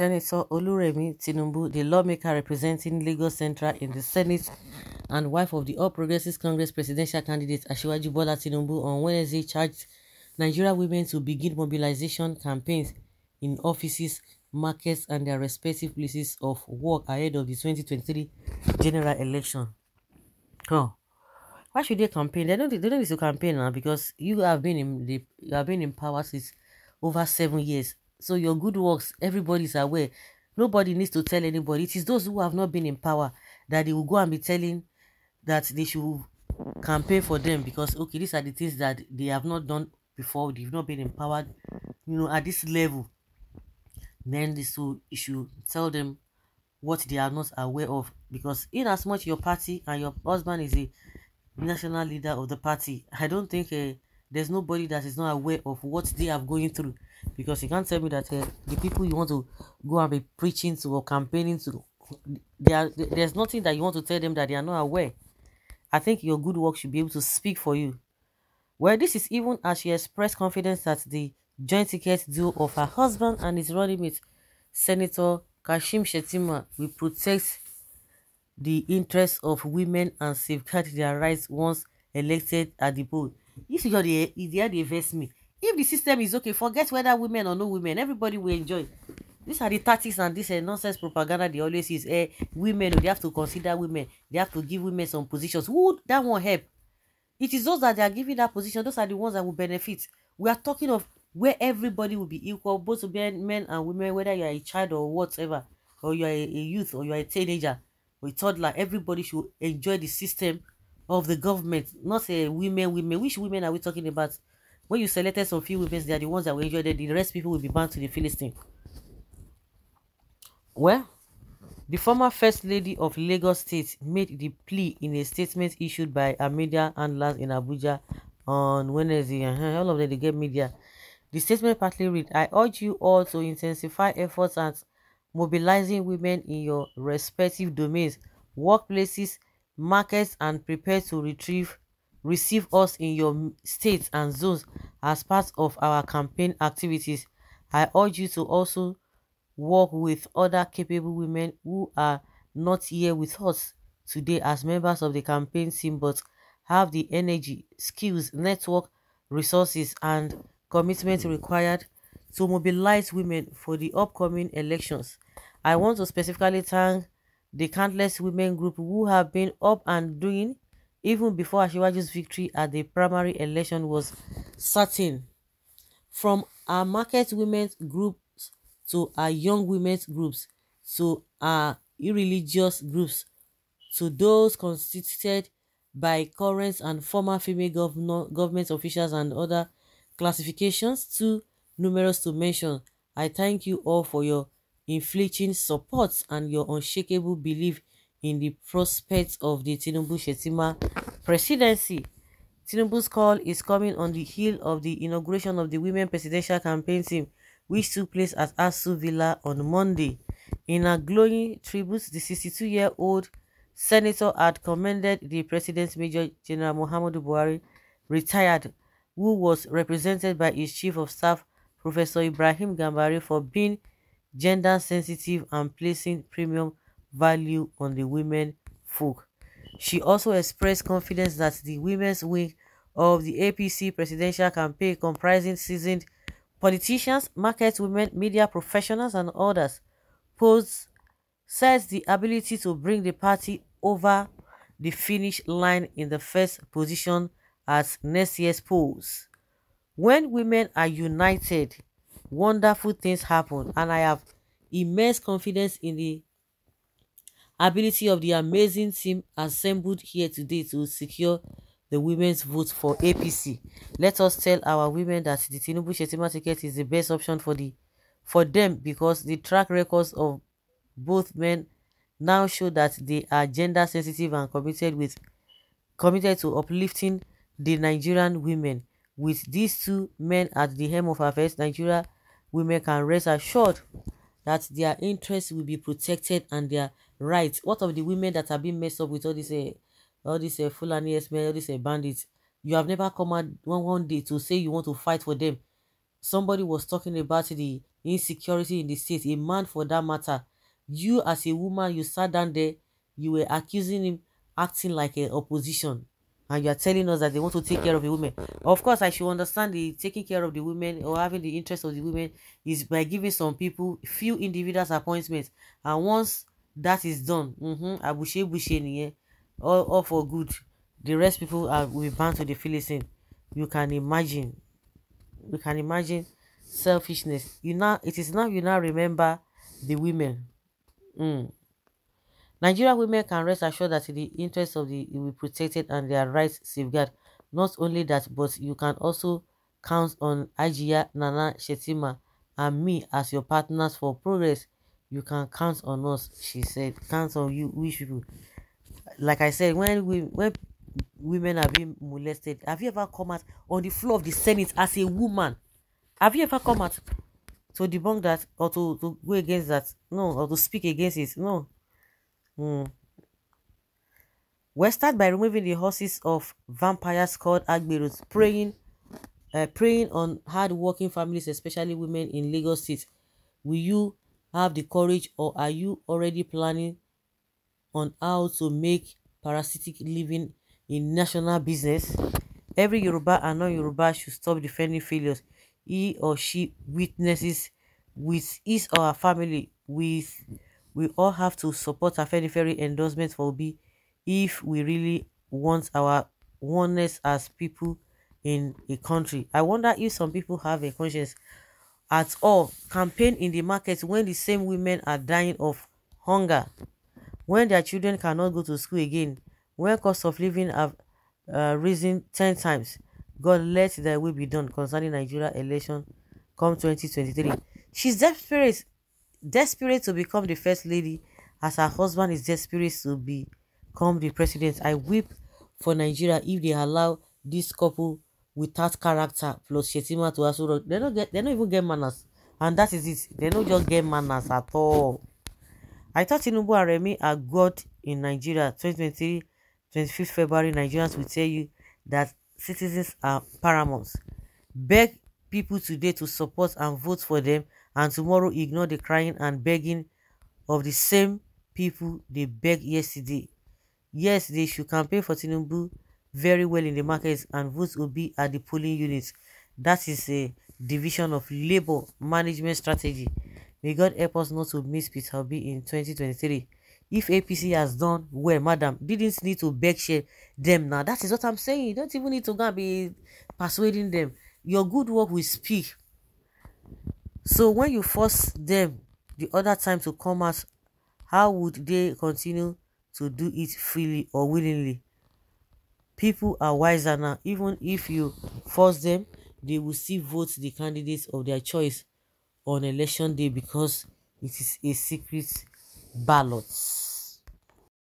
Senator Oluremi Tinubu, the lawmaker representing Lagos Central in the Senate and wife of the All Progressives Congress presidential candidate Asiwaju Bola Tinubu, on Wednesday charged Nigeria women to begin mobilization campaigns in offices, markets, and their respective places of work ahead of the 2023 general election. Oh, why should they campaign? They don't. They don't need to campaign now because you have been in the you have been in power since over seven years. So your good works, everybody is aware. Nobody needs to tell anybody. It is those who have not been in power that they will go and be telling that they should campaign for them because okay, these are the things that they have not done before. They've not been empowered, you know, at this level. Then this will issue tell them what they are not aware of because in as much your party and your husband is a national leader of the party, I don't think eh, there's nobody that is not aware of what they are going through because you can't tell me that uh, the people you want to go and be preaching to or campaigning to they are, there's nothing that you want to tell them that they are not aware i think your good work should be able to speak for you well this is even as she expressed confidence that the joint ticket deal of her husband and his running mate senator kashim shetima will protect the interests of women and safeguard their rights once elected at the board this figure dey e dey dey vex me if the system is okay forget whether women or no women everybody will enjoy these are the tactics and this uh, nonsense propaganda they always use uh, women oh, they have to consider women they have to give women some positions who that won't help it is those that they are giving that position those are the ones that will benefit we are talking of where everybody will be equal both men men and women whether you are a child or whatever or you are a, a youth or you are a teenager or a toddler everybody should enjoy the system of the government, not a women, women. Which women are we talking about? When you selected some few women, they are the ones that were injured, the rest people will be bound to the Philistine. Well, the former First Lady of Lagos State made the plea in a statement issued by a media Handlers in Abuja on Wednesday. Uh-huh, all of them, they get media. The statement partly read, I urge you all to intensify efforts at mobilizing women in your respective domains, workplaces, markets and prepare to retrieve receive us in your states and zones as part of our campaign activities. I urge you to also work with other capable women who are not here with us today as members of the campaign team but have the energy, skills, network, resources and commitment required to mobilize women for the upcoming elections. I want to specifically thank the countless women group who have been up and doing even before Ashiwaju's victory at the primary election was certain. From our market women's groups to our young women's groups to our irreligious groups to those constituted by current and former female governor, government officials and other classifications too numerous to mention. I thank you all for your inflicting support and your unshakable belief in the prospects of the Tinubu-Shetima presidency. Tinubu's call is coming on the heel of the inauguration of the Women Presidential Campaign Team, which took place at Asu Villa on Monday. In a glowing tribute, the 62-year-old senator had commended the president's Major General Muhammadu Buhari, retired, who was represented by his chief of staff, Professor Ibrahim Gambari, for being gender sensitive and placing premium value on the women folk. She also expressed confidence that the women's wing of the APC presidential campaign comprising seasoned politicians, market women, media professionals and others pose says the ability to bring the party over the finish line in the first position as next year's polls. When women are united, wonderful things happen and I have immense confidence in the ability of the amazing team assembled here today to secure the women's vote for APC. Let us tell our women that the Tinubu Shetima ticket is the best option for the for them because the track records of both men now show that they are gender sensitive and committed with committed to uplifting the Nigerian women. With these two men at the helm of affairs, Nigeria women can rest assured that their interests will be protected and their rights. What of the women that have been messed up with all this, uh, all this uh, Fulani men, all these uh, bandits? You have never come out one, one day to say you want to fight for them. Somebody was talking about the insecurity in the state, a man for that matter. You as a woman, you sat down there, you were accusing him acting like an eh, opposition and you are telling us that they want to take care of the women. Of course, I should understand the taking care of the women or having the interest of the women is by giving some people few individuals appointments. And once that is done, mm-hmm, abushe bushe niye, all, all for good. The rest people are will be bound to the Philistine. You can imagine. You can imagine selfishness. You now it is now you now remember the women. Mm. Nigeria women can rest assured that the interests of the will be protected and their rights safeguarded. Not only that, but you can also count on Hajiya Nana Shetima and me as your partners for progress. You can count on us, she said. Count on you, we people. Like I said, when we when women are being molested, have you ever come out on the floor of the Senate as a woman? Have you ever come out to debunk that or to, to go against that? No, or to speak against it? No. Hmm. We'll start by removing the horses of vampires called Agberos, preying, uh, eh, preying on hard-working families, especially women in Lagos State. Will you have the courage or are you already planning on how to make parasitic living in national business? Every Yoruba and non-Yoruba should stop defending failures he or she witnesses with his or her family, with we all have to support Afenifere endorsement for Obi if we really want our oneness as people in a country. I wonder if some people have a conscience at all. Campaign in the market when the same women are dying of hunger, when their children cannot go to school again, when cost of living have uh, risen 10 times. God, let that will be done concerning Nigeria election come 2023. She's desperate desperate to become the first lady as her husband is desperate to become the president. I weep for Nigeria if they allow this couple without character plus Shetima to also they don't get they don't even get manners. And that is it. They don't just get manners at all. I thought Inubu and Remy are God in Nigeria. 2023, 25th February, Nigerians will tell you that citizens are paramount. Beg people today to support and vote for them and tomorrow ignore the crying and begging of the same people they begged yesterday. Yes, they should campaign for Tinubu very well in the markets and votes will be at the polling units. That is a division of labor management strategy. May God help us not to miss Peter Obi in 2023. If APC has done well, madam, didn't need to beg shame them now. That is what I'm saying. You don't even need to go and be persuading them. Your good work will speak So when you force them the other time to come out, how would they continue to do it freely or willingly? People are wiser now. Even if you force them, they will still vote the candidates of their choice on election day because it is a secret ballot.